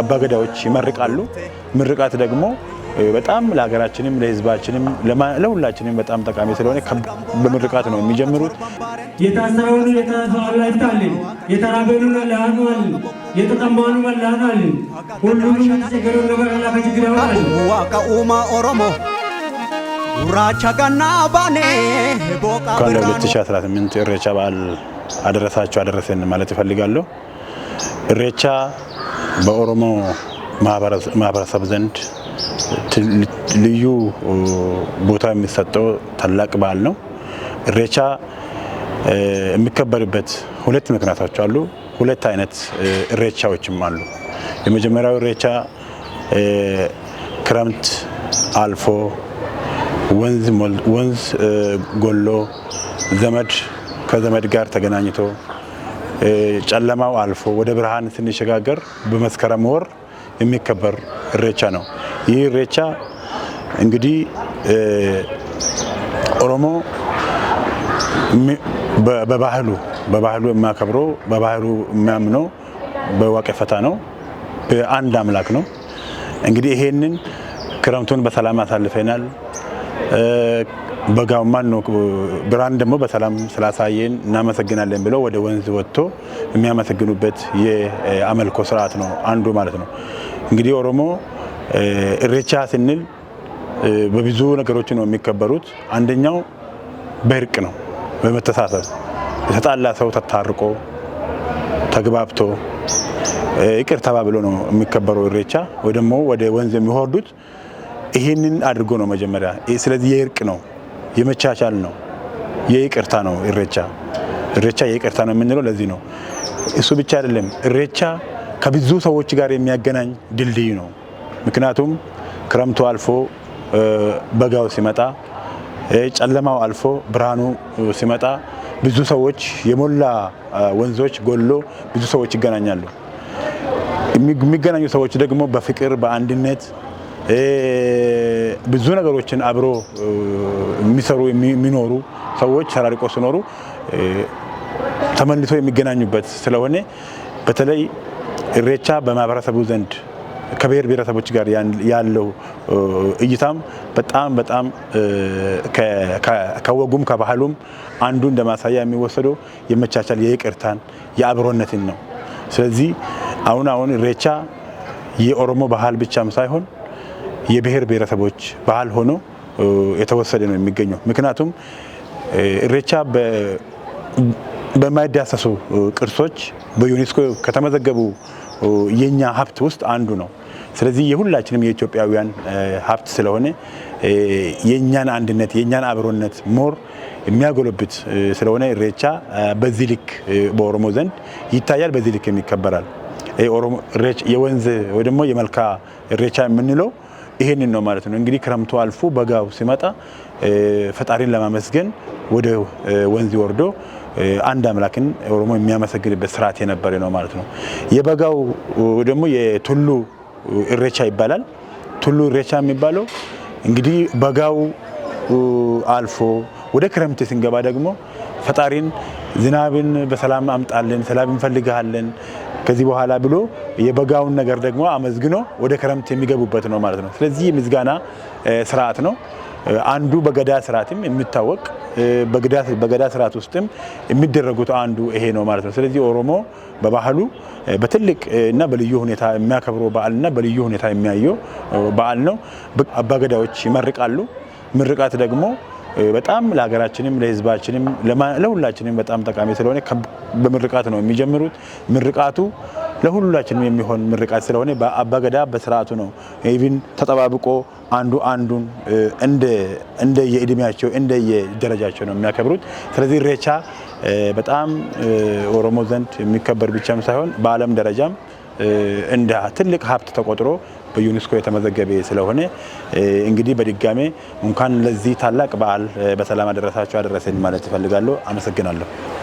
አባ ገዳዎች ይመርቃሉ። ምርቃት ደግሞ በጣም ለሀገራችንም ለሕዝባችንም ለሁላችንም በጣም ጠቃሚ ስለሆነ በምርቃት ነው የሚጀምሩት። የታሰረውን የተላይታልን የተራበሉ ለሃኗል የተጠማኑ መላናል ሁሉም ችግር ነበረላ ከችግር ዋቀኡማ ኦሮሞ ራቻ ጋና ባኔ እንኳን 2018 ኢሬቻ በዓል አደረሳቸው አደረሰን ማለት ይፈልጋሉ። እሬቻ በኦሮሞ ማህበረሰብ ዘንድ ልዩ ቦታ የሚሰጠው ታላቅ በዓል ነው። እሬቻ የሚከበርበት ሁለት ምክንያቶች አሉ። ሁለት አይነት እሬቻዎችም አሉ። የመጀመሪያው እሬቻ ክረምት አልፎ ወንዝ ጎሎ ዘመድ ከዘመድ ጋር ተገናኝቶ ጨለማው አልፎ ወደ ብርሃን ስንሸጋገር በመስከረም ወር የሚከበር እሬቻ ነው። ይህ እሬቻ እንግዲህ ኦሮሞ በባህሉ በባህሉ የሚያከብረው በባህሉ የሚያምነው በዋቄፈታ ነው። በአንድ አምላክ ነው። እንግዲህ ይሄንን ክረምቱን በሰላም አሳልፈናል። በጋማን ነው ብርሃን ደግሞ በሰላም ስላሳየን እናመሰግናለን ብለው ወደ ወንዝ ወጥቶ የሚያመሰግኑበት የአመልኮ ስርዓት ነው አንዱ ማለት ነው። እንግዲህ ኦሮሞ እሬቻ ስንል በብዙ ነገሮች ነው የሚከበሩት። አንደኛው በእርቅ ነው፣ በመተሳሰብ የተጣላ ሰው ተታርቆ ተግባብቶ ይቅር ተባብሎ ነው የሚከበረው እሬቻ። ወይ ደግሞ ወደ ወንዝ የሚወርዱት ይህንን አድርጎ ነው መጀመሪያ። ስለዚህ የእርቅ ነው። የመቻቻል ነው፣ የይቅርታ ነው። ኢሬቻ ኢሬቻ የይቅርታ ነው የምንለው ለዚህ ነው። እሱ ብቻ አይደለም። እሬቻ ከብዙ ሰዎች ጋር የሚያገናኝ ድልድይ ነው። ምክንያቱም ክረምቱ አልፎ በጋው ሲመጣ፣ ጨለማው አልፎ ብርሃኑ ሲመጣ ብዙ ሰዎች የሞላ ወንዞች ጎሎ ብዙ ሰዎች ይገናኛሉ። የሚገናኙ ሰዎች ደግሞ በፍቅር በአንድነት ብዙ ነገሮችን አብሮ የሚሰሩ የሚኖሩ ሰዎች ተራርቆ ሲኖሩ ተመልሶ የሚገናኙበት ስለሆነ በተለይ እሬቻ በማህበረሰቡ ዘንድ ከብሔር ብሔረሰቦች ጋር ያለው እይታም በጣም በጣም ከወጉም ከባህሉም አንዱ እንደማሳያ የሚወሰደው የመቻቻል የይቅርታን የአብሮነትን ነው። ስለዚህ አሁን አሁን እሬቻ የኦሮሞ ባህል ብቻም ሳይሆን የብሔር ብሔረሰቦች ባህል ሆኖ የተወሰደ ነው የሚገኘው። ምክንያቱም እሬቻ በማይዳሰሱ ቅርሶች በዩኔስኮ ከተመዘገቡ የኛ ሀብት ውስጥ አንዱ ነው። ስለዚህ የሁላችንም የኢትዮጵያውያን ሀብት ስለሆነ የእኛን አንድነት የእኛን አብሮነት ሞር የሚያጎለብት ስለሆነ እሬቻ በዚህ ልክ በኦሮሞ ዘንድ ይታያል፣ በዚህ ልክ ይከበራል። የወንዝ ወይ ደግሞ የመልካ እሬቻ የምንለው ይሄንን ነው ማለት ነው። እንግዲህ ክረምቱ አልፎ በጋው ሲመጣ ፈጣሪን ለማመስገን ወደ ወንዝ ወርዶ አንድ አምላክን ኦሮሞ የሚያመሰግንበት ስርዓት የነበረ ነው ማለት ነው። የበጋው ደግሞ የቱሉ እሬቻ ይባላል። ቱሉ እሬቻ የሚባለው እንግዲህ በጋው አልፎ ወደ ክረምት ስንገባ ደግሞ ፈጣሪን ዝናብን በሰላም አምጣልን፣ ሰላም እንፈልግሃለን ከዚህ በኋላ ብሎ የበጋውን ነገር ደግሞ አመዝግኖ ወደ ክረምት የሚገቡበት ነው ማለት ነው። ስለዚህ የምዝጋና ስርዓት ነው። አንዱ በገዳ ስርዓትም የሚታወቅ በገዳ ስርዓት ውስጥም የሚደረጉት አንዱ ይሄ ነው ማለት ነው። ስለዚህ ኦሮሞ በባህሉ በትልቅ እና በልዩ ሁኔታ የሚያከብረው በዓል እና በልዩ ሁኔታ የሚያየው በዓል ነው። አባገዳዎች ይመርቃሉ። ምርቃት ደግሞ በጣም ለሀገራችንም ለህዝባችንም ለሁላችንም በጣም ጠቃሚ ስለሆነ በምርቃት ነው የሚጀምሩት። ምርቃቱ ለሁላችንም የሚሆን ምርቃት ስለሆነ በአባገዳ በስርዓቱ ነው ኢቭን ተጠባብቆ አንዱ አንዱን እንደ የእድሜያቸው እንደ የደረጃቸው ነው የሚያከብሩት። ስለዚህ ኢሬቻ በጣም ኦሮሞ ዘንድ የሚከበር ብቻም ሳይሆን በዓለም ደረጃም እንደ ትልቅ ሀብት ተቆጥሮ በዩኔስኮ የተመዘገበ ስለሆነ እንግዲህ በድጋሜ እንኳን ለዚህ ታላቅ በዓል በሰላም አደረሳችሁ አደረሰን ማለት እፈልጋለሁ። አመሰግናለሁ።